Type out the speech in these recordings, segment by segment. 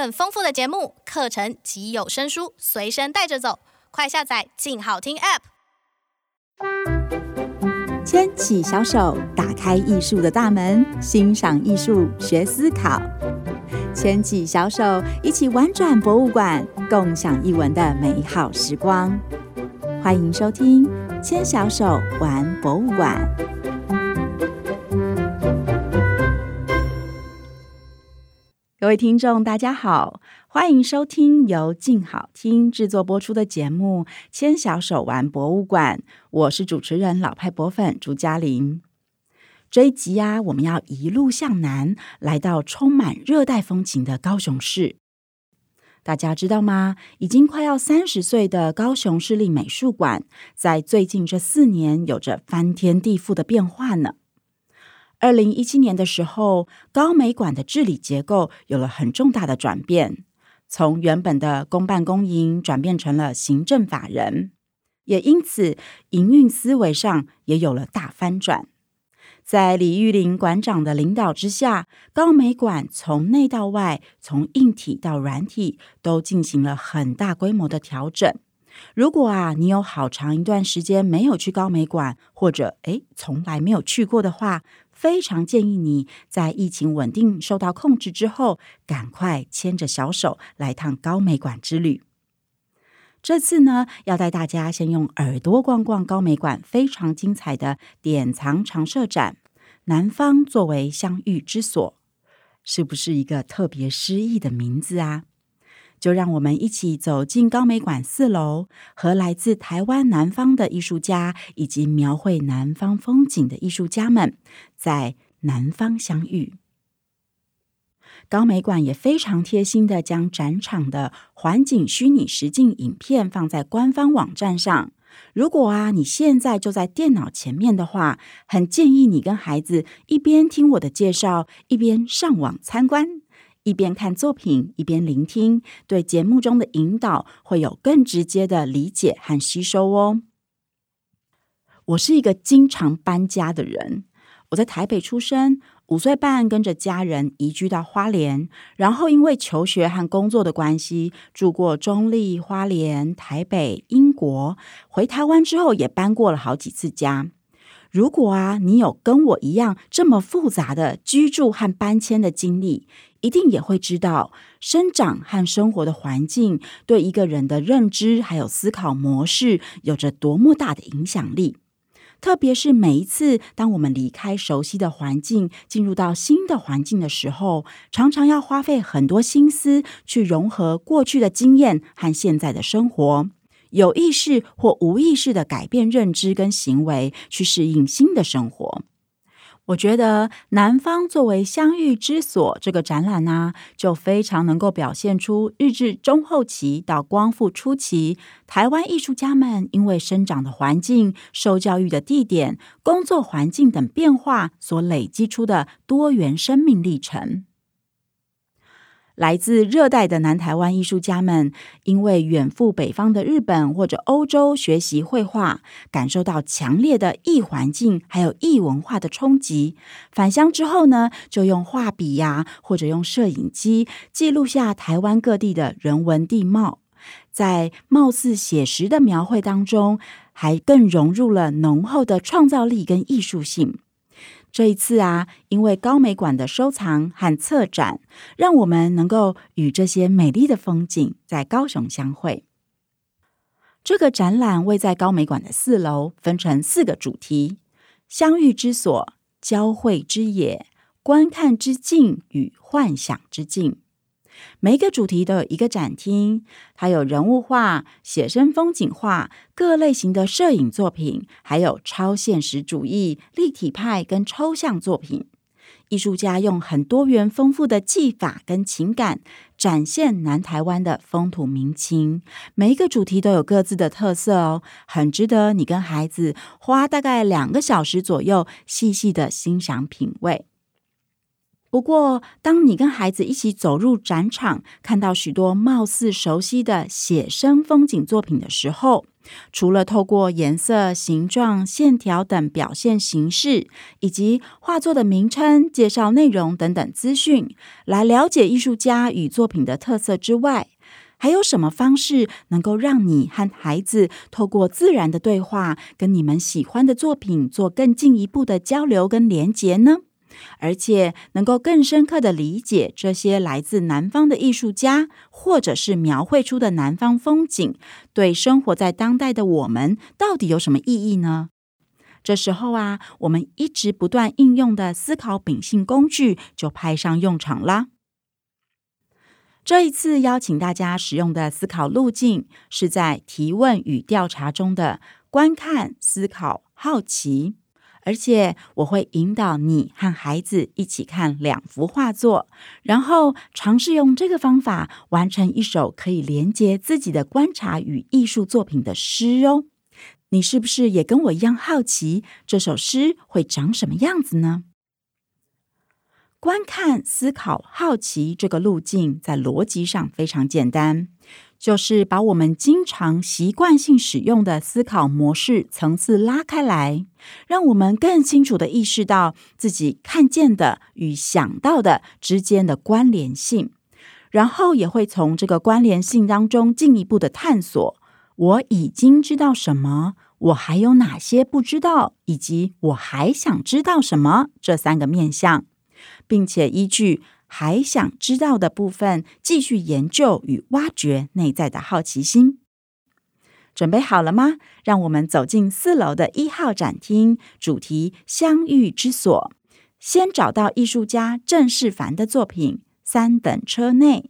很豐富的節目、課程及有聲書隨身帶着走，快下載“靜好聽 ”App。牽起小手，打開藝術的大門，欣賞藝術，學思考。牽起小手，一起玩轉博物館，共享一文的美好時光。歡迎收聽《牽小手玩博物館》。各位聽眾，大家好，歡迎收聽由靜好聽製作播出的節目《牽小手玩博物館》，我是主持人老派博粉朱家琳。這一集啊，我們要一路向南，來到充滿熱帶風情的高雄市。大家知道嗎？已經快要三十歲的高雄市立美術館，在最近這四年，有着翻天地覆的變化呢。二零一七年的時候，高美館的治理結構有了很重大的轉變，從原本的公辦公營轉變成了行政法人，也因此營運思維上也有了大翻轉。在李玉玲館長的領導之下，高美館從內到外，從硬體到軟體都進行了很大規模的調整。如果啊，你有好長一段時間沒有去高美館，或者誒，從來沒有去過的話，非常建議你在疫情穩定、受到控制之後，趕快牽着小手來趟高美館之旅。這次呢，要帶大家先用耳朵逛逛高美館非常精彩的典藏常設展。南方作為相遇之所，是不是一個特別詩意的名字啊？就讓我們一起走進高美館四樓，和來自台灣南方的藝術家以及描繪南方風景的藝術家們在南方相遇。高美館也非常貼心地將展場的環境虛擬實境影片放在官方網站上。如果啊，你現在就在電腦前面的話，很建議你跟孩子一邊聽我的介紹，一邊上網參觀。一邊看作品，一邊聆聽，對節目中的引導會有更直接的理解和吸收哦。我是一個經常搬家的人，我在台北出生，五歲半跟着家人移居到花蓮，然後因為求學和工作的關係，住過中壢、花蓮、台北、英國。回台灣之後，也搬過了好幾次家。如果啊，你有跟我一樣這麼複雜的居住和搬遷的經歷，一定也會知道，生長和生活的環境對一個人的認知還有思考模式有着多麼大的影響力。特別是每一次當我們離開熟悉的環境，進入到新的環境的時候，常常要花費很多心思去融合過去的經驗和現在的生活。有意識或無意識的改變認知跟行為，去適應新的生活。我覺得《南方作為相遇之所》這個展覽呢、啊，就非常能夠表現出日治中後期到光復初期，台灣藝術家們因為生長的環境、受教育的地點、工作環境等變化所累積出的多元生命歷程。來自熱帶的南台灣藝術家們，因為遠赴北方的日本或者歐洲學習繪畫，感受到強烈的異環境還有異文化的衝擊。返鄉之後呢，就用畫筆呀、啊，或者用攝影機記錄下台灣各地的人文地貌。在貌似寫實的描繪當中，還更融入了濃厚的創造力跟藝術性。這一次啊，因為高美館的收藏和策展，讓我們能夠與這些美麗的風景在高雄相會。這個展覽位在高美館的四樓，分成四個主題：相遇之所、交匯之野、觀看之境與幻想之境。每一個主題都有一個展廳，它有人物畫、寫生風景畫、各類型的攝影作品，還有超現實主義、立體派跟抽象作品。藝術家用很多元豐富的技法跟情感，展現南台灣的風土民情。每一個主題都有各自的特色哦，很值得你跟孩子花大概兩個小時左右，細細的欣賞品味。不過，當你跟孩子一起走入展場，看到許多貌似熟悉的寫生風景作品的時候，除了透過顏色、形狀、線條等表現形式，以及畫作的名稱、介紹內容等等資訊，來了解藝術家與作品的特色之外，還有什麼方式能夠讓你和孩子透過自然的對話，跟你們喜歡的作品做更進一步的交流跟連結呢？而且能夠更深刻的理解這些來自南方的藝術家，或者是描繪出的南方風景，對生活在當代的我們到底有什麼意義呢？這時候啊，我們一直不斷應用的思考秉性工具就派上用場啦。這一次邀請大家使用的思考路徑是在提問與調查中的觀看、思考、好奇。而且我會引導你和孩子一起看兩幅畫作，然後嘗試用這個方法完成一首可以連接自己的觀察與藝術作品的詩哦。你是不是也跟我一樣好奇這首詩會長什麼樣子呢？觀看、思考、好奇這個路徑在邏輯上非常簡單。就是把我們經常習慣性使用的思考模式層次拉開來，讓我們更清楚地意識到自己看見的與想到的之間的關聯性，然後也會從這個關聯性當中進一步的探索：我已經知道什麼，我還有哪些不知道，以及我還想知道什麼這三個面向，並且依據。還想知道的部分，繼續研究與挖掘內在的好奇心。準備好了嗎？讓我們走進四樓的一號展廳，主題“相遇之所”。先找到藝術家鄭世璠的作品《三等車內》，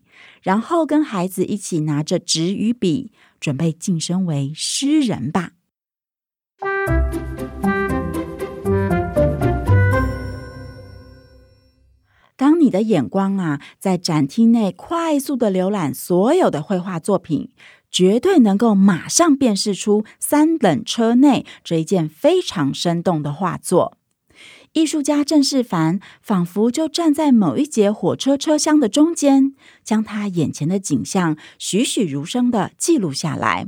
然後跟孩子一起拿着紙與筆，準備晉升為詩人吧。當你的眼光啊，在展廳內快速的瀏覽所有的繪畫作品，絕對能夠馬上辨識出三等車內這一件非常生動的畫作。藝術家鄭世璠仿佛就站在某一節火車車廂的中間，將他眼前的景象栩栩如生的記錄下來。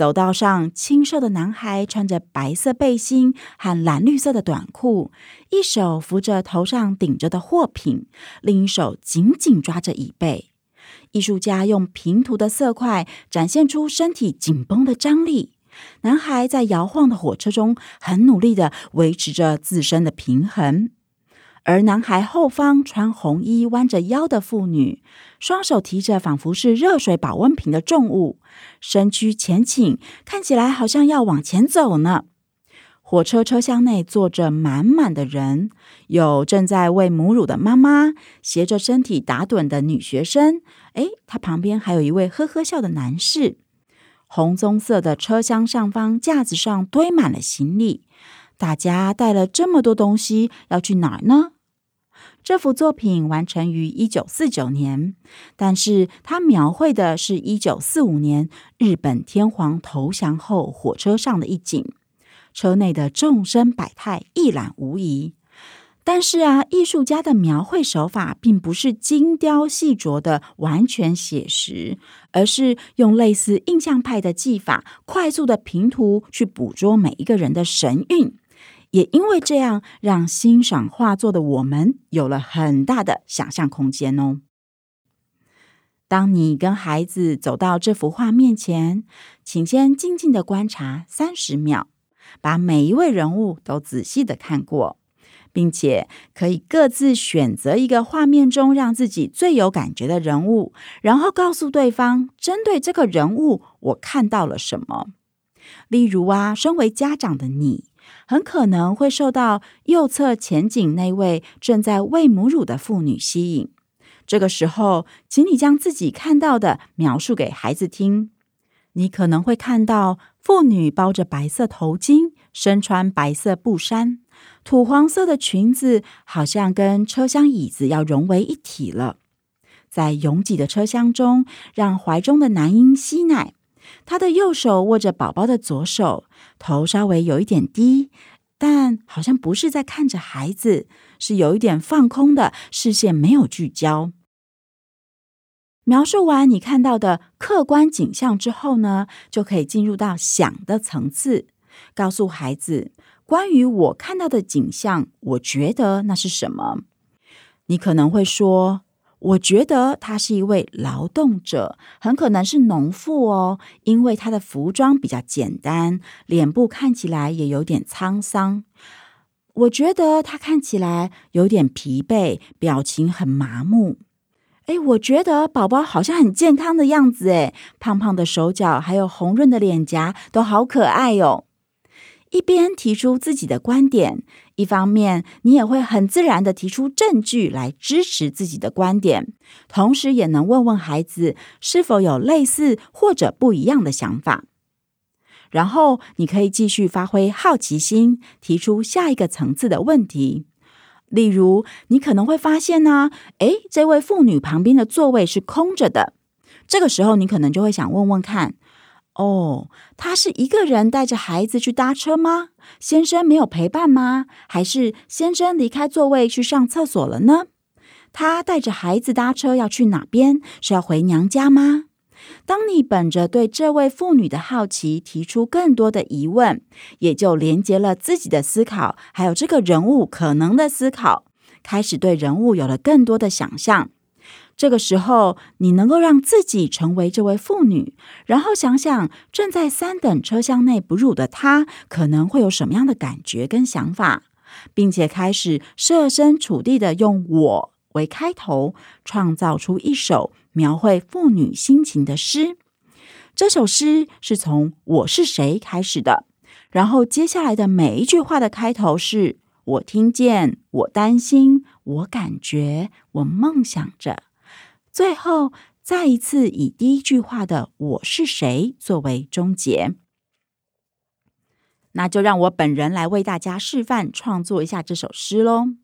走道上，清瘦的男孩穿着白色背心和藍綠色的短褲，一手扶着頭上頂着的貨品，另一手緊緊抓着椅背。藝術家用平塗的色塊展現出身體緊繃的張力。男孩在搖晃的火車中，很努力地維持着自身的平衡。而男孩後方穿紅衣、彎着腰的婦女，雙手提着仿佛是熱水保溫瓶的重物，身軀前傾，看起來好像要往前走呢。火車車廂內坐着滿滿的人，有正在餵母乳的媽媽，斜着身體打盹的女學生。誒，她旁邊還有一位呵呵笑的男士。紅棕色的車廂上方架子上堆滿了行李。大家帶了這麼多東西要去哪兒呢？這幅作品完成於一九四九年，但是它描繪的是一九四五年日本天皇投降後火車上的一景，車內的眾生百態一覽無遺。但是啊，藝術家的描繪手法並不是精雕細琢的完全寫實，而是用類似印象派的技法，快速的平塗去捕捉每一個人的神韻。也因為這樣，讓欣賞畫作的我們有了很大的想象空間哦。當你跟孩子走到這幅畫面前，請先靜靜的觀察三十秒，把每一位人物都仔細的看過，並且可以各自選擇一個畫面中讓自己最有感覺的人物，然後告訴對方：針對這個人物，我看到了什麼。例如啊，身為家長的你。很可能會受到右側前景那位正在餵母乳的婦女吸引。這個時候，請你將自己看到的描述給孩子聽。你可能會看到婦女包着白色頭巾，身穿白色布衫，土黃色的裙子好像跟車廂椅子要融為一體了。在擁擠的車廂中，讓懷中的男嬰吸奶。他的右手握着寶寶的左手，頭稍微有一點低，但好像不是在看着孩子，是有一點放空的，視線沒有聚焦。描述完你看到的客觀景象之後呢，就可以進入到想的層次，告訴孩子關於我看到的景象，我覺得那是什麼。你可能會說。我覺得他是一位勞動者，很可能是農婦哦，因為他的服裝比較簡單，臉部看起來也有點滄桑。我覺得他看起來有點疲憊，表情很麻木。哎，我覺得寶寶好像很健康的樣子，哎，胖胖的手腳，還有紅潤的臉頰，都好可愛哦。一邊提出自己的觀點，一方面你也會很自然的提出證據來支持自己的觀點，同時也能問問孩子是否有類似或者不一樣的想法。然後你可以繼續發揮好奇心，提出下一個層次的問題。例如，你可能會發現呢、啊，誒，這位婦女旁邊的座位是空着的。這個時候，你可能就會想問問看。哦，oh, 他是一個人帶着孩子去搭車嗎？先生沒有陪伴嗎？還是先生離開座位去上廁所了呢？他帶着孩子搭車要去哪邊？是要回娘家嗎？當你本着對這位婦女的好奇提出更多的疑問，也就連接了自己的思考，還有這個人物可能的思考，開始對人物有了更多的想象。這個時候，你能夠讓自己成為這位婦女，然後想想正在三等車廂內哺乳的她可能會有什麼樣的感覺跟想法，並且開始設身處地的用“我”為開頭，創造出一首描繪婦女心情的詩。這首詩是從“我是誰”開始的，然後接下來的每一句話的開頭是“我聽見”，“我擔心”，“我感覺”，“我夢想着”。最後，再一次以第一句話的“我是誰”作為終結。那就讓我本人來為大家示範創作一下這首詩嘍。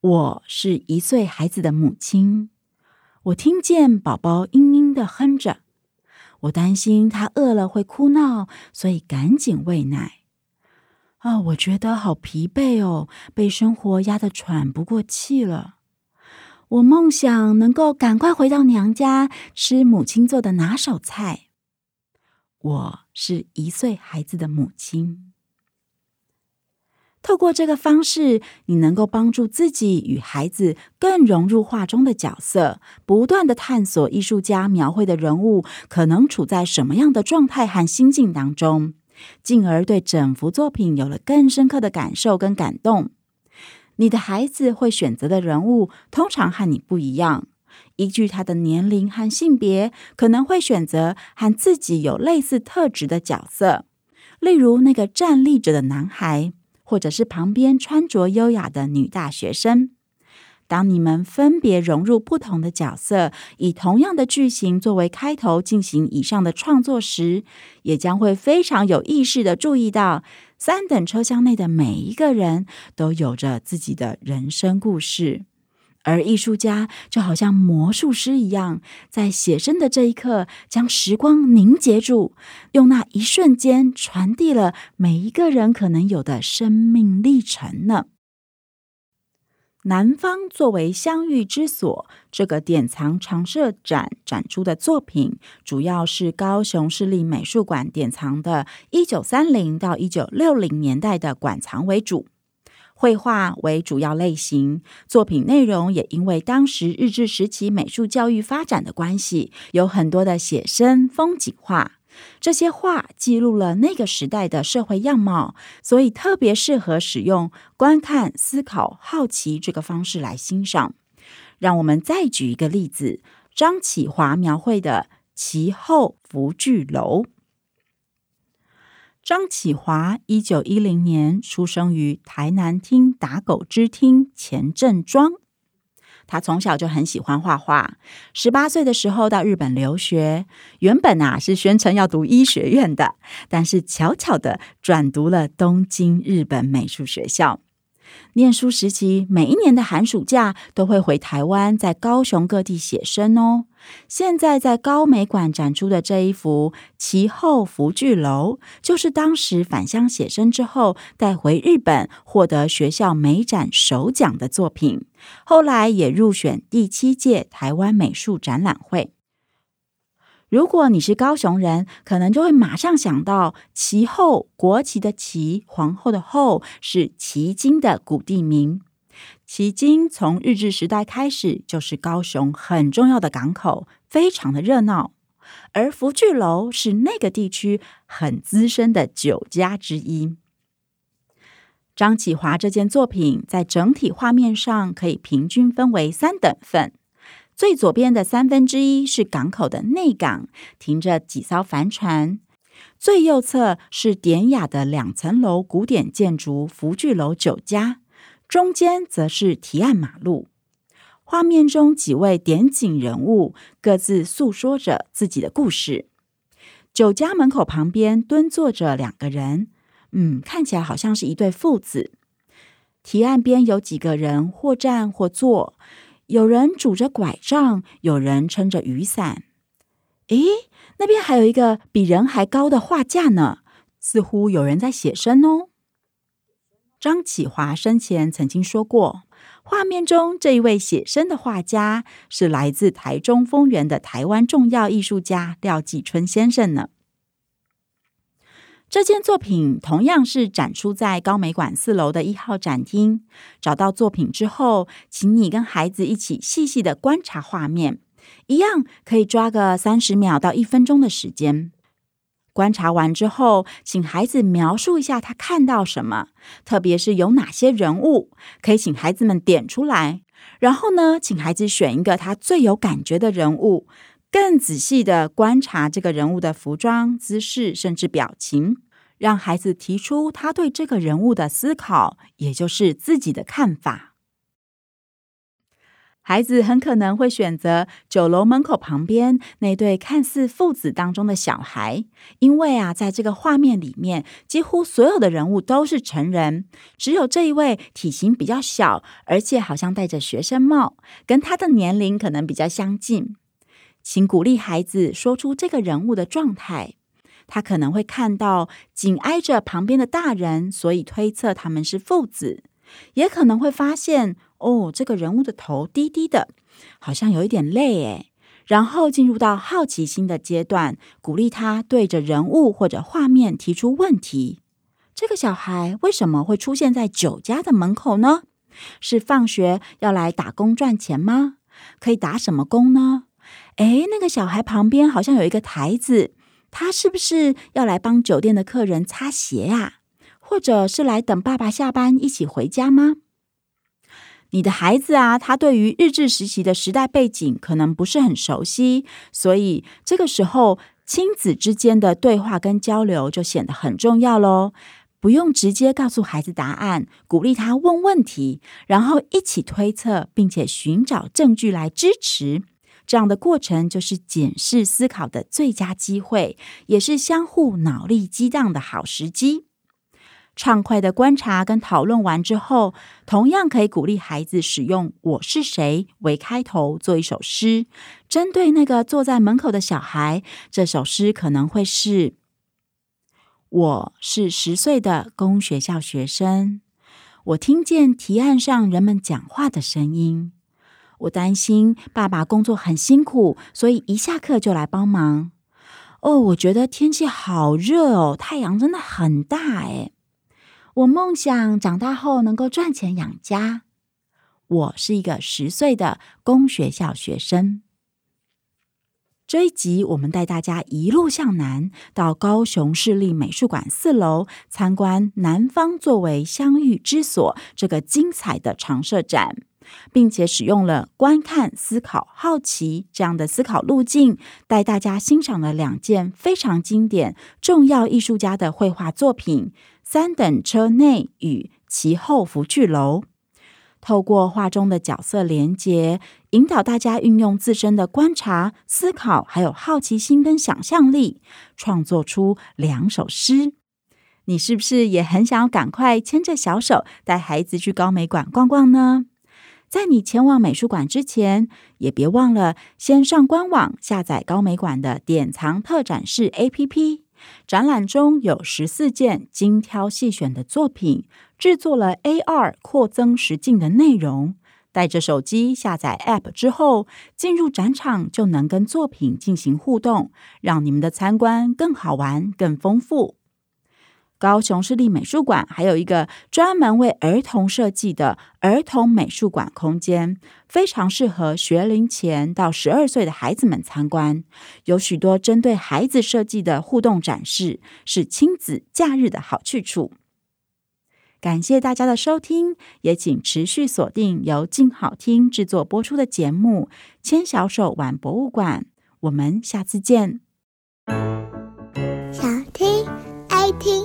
我是一歲孩子的母親，我聽見寶寶嚶嚶的哼着，我擔心他餓了會哭鬧，所以趕緊餵奶。啊、哦，我覺得好疲憊哦，被生活壓得喘不過氣了。我夢想能夠趕快回到娘家，吃母親做的拿手菜。我是一歲孩子的母親。透過這個方式，你能夠幫助自己與孩子更融入畫中的角色，不斷地探索藝術家描繪的人物可能處在什麼樣的狀態和心境當中，進而對整幅作品有了更深刻的感受跟感動。你的孩子會選擇的人物通常和你不一樣，依據他的年齡和性別，可能會選擇和自己有類似特質的角色，例如那個站立着的男孩，或者是旁邊穿着優雅的女大學生。當你們分別融入不同的角色，以同樣的劇情作為開頭進行以上的創作時，也將會非常有意識的注意到。三等車廂內的每一個人都有着自己的人生故事，而藝術家就好像魔術師一樣，在寫生的這一刻將時光凝結住，用那一瞬間傳遞了每一個人可能有的生命歷程呢。南方作為相遇之所，這個典藏常設展展出的作品，主要是高雄市立美術館典藏的一九三零到一九六零年代的館藏為主，繪畫為主要類型，作品內容也因為當時日治時期美術教育發展的關係，有很多的寫生、風景畫。這些畫記錄了那個時代的社會樣貌，所以特別適合使用觀看、思考、好奇這個方式來欣賞。讓我們再舉一個例子：張啟華描繪的旗後福聚樓。張啟華一九一零年出生於台南廳打狗支廳前鎮莊。他從小就很喜歡畫畫。十八歲的時候到日本留學，原本啊是宣稱要讀醫學院的，但是巧巧地轉讀了東京日本美術學校。念書時期，每一年的寒暑假都會回台灣，在高雄各地寫生哦。現在在高美館展出的這一幅《旗後福聚樓》，就是當時返鄉寫生之後帶回日本，獲得學校美展首獎的作品，後來也入選第七屆台灣美術展覽會。如果你是高雄人，可能就會馬上想到“旗後”，國旗的“旗”，皇後的“後”是旗津的古地名。旗津從日治時代開始就是高雄很重要的港口，非常的熱鬧。而福聚樓是那個地區很資深的酒家之一。張啟華這件作品在整體畫面上可以平均分為三等份，最左邊的三分之一是港口的內港，停着幾艘帆船；最右側是典雅的兩層樓古典建築福聚樓酒家。中間則是堤岸馬路，畫面中幾位點景人物各自訴說着自己的故事。酒家門口旁邊蹲坐着兩個人，嗯，看起來好像是一對父子。堤岸邊有幾個人或站或坐，有人拄着拐杖，有人撐着雨傘。哎，那邊還有一個比人還高的畫架呢，似乎有人在寫生哦。張啟華生前曾經說過，畫面中這一位寫生的畫家是來自台中豐原的台灣重要藝術家廖繼春先生呢。這件作品同樣是展出在高美館四樓的一號展廳。找到作品之後，請你跟孩子一起細細的觀察畫面，一樣可以抓個三十秒到一分鐘的時間。觀察完之後，請孩子描述一下他看到什麼，特別是有哪些人物，可以請孩子們點出來。然後呢，請孩子選一個他最有感覺的人物，更仔細的觀察這個人物的服裝、姿勢，甚至表情，讓孩子提出他對這個人物的思考，也就是自己的看法。孩子很可能會選擇酒樓門口旁邊那對看似父子當中的小孩，因為啊，在這個畫面裡面，幾乎所有的人物都是成人，只有這一位體型比較小，而且好像戴着學生帽，跟他的年齡可能比較相近。請鼓勵孩子說出這個人物的狀態，他可能會看到緊挨着旁邊的大人，所以推測他們是父子，也可能會發現。哦，這個人物的頭低低的，好像有一點累哎。然後進入到好奇心的階段，鼓勵他對着人物或者畫面提出問題：這個小孩為什麼會出現在酒家的門口呢？是放學要來打工賺錢嗎？可以打什麼工呢？哎，那個小孩旁邊好像有一個台子，他是不是要來幫酒店的客人擦鞋呀？或者是來等爸爸下班一起回家嗎？你的孩子啊，他對於日治時期的時代背景可能不是很熟悉，所以這個時候親子之間的對話跟交流就顯得很重要嘍。不用直接告訴孩子答案，鼓勵他問問題，然後一起推測，並且尋找證據來支持。這樣的過程就是檢視思考的最佳機會，也是相互腦力激盪的好時機。暢快的觀察跟討論完之後，同樣可以鼓勵孩子使用“我是誰”為開頭做一首詩。針對那個坐在門口的小孩，這首詩可能會是：“我是十歲的公學校學生。我聽見提案上人們講話的聲音。我擔心爸爸工作很辛苦，所以一下課就來幫忙。哦，我覺得天氣好熱哦，太陽真的很大哎。”我夢想長大後能夠賺錢養家。我是一個十歲的公學校學生。這一集，我們帶大家一路向南，到高雄市立美術館四樓參觀“南方作為相遇之所”這個精彩的常設展，並且使用了“觀看、思考、好奇”這樣的思考路徑，帶大家欣賞了兩件非常經典、重要藝術家的繪畫作品。三等車內與其後福巨樓，透過畫中的角色連接，引導大家運用自身的觀察、思考，還有好奇心跟想象力，創作出兩首詩。你是不是也很想趕快牽着小手，帶孩子去高美館逛逛呢？在你前往美術館之前，也別忘了先上官網下載高美館的典藏特展示 APP。展覽中有十四件精挑細選的作品，製作了 AR 擴增實境的內容。帶着手機下載 App 之後，進入展場就能跟作品進行互動，讓你們的參觀更好玩，更豐富。高雄市立美術館還有一個專門為兒童設計的兒童美術館空間，非常適合學齡前到十二歲的孩子們參觀。有許多針對孩子設計的互動展示，是親子假日的好去處。感謝大家的收聽，也請持續鎖定由靜好聽製作播出的節目《牽小手玩博物館》，我們下次見。小聽，愛聽。